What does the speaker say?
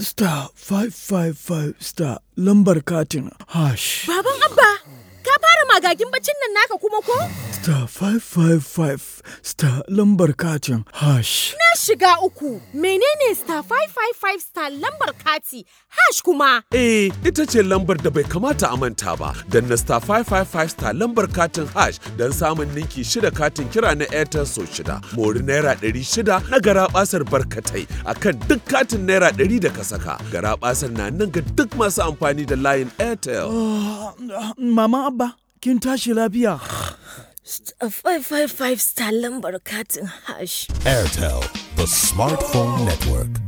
star 555 star lambar katin hash. Baban Abba, ka fara magagin baccin nan naka kuma ko? star 555 star lambar katin hash. Na shiga uku, menene star 555 star lambar kati hash kuma? Eh, ita ce lambar da bai kamata a manta ba, don na star 555 star lambar katin hash don samun ninki shida katin kira na Airtel so shida, mori naira ɗari shida na garabasar barkatai akan duk katin naira ɗari da ka saka. Garabasar na nan ga duk masu amfani da layin Airtel. Ah, ah, mama Abba, kin tashi lafiya. 555 uh, star lambar katin hash. Airtel, the smartphone network.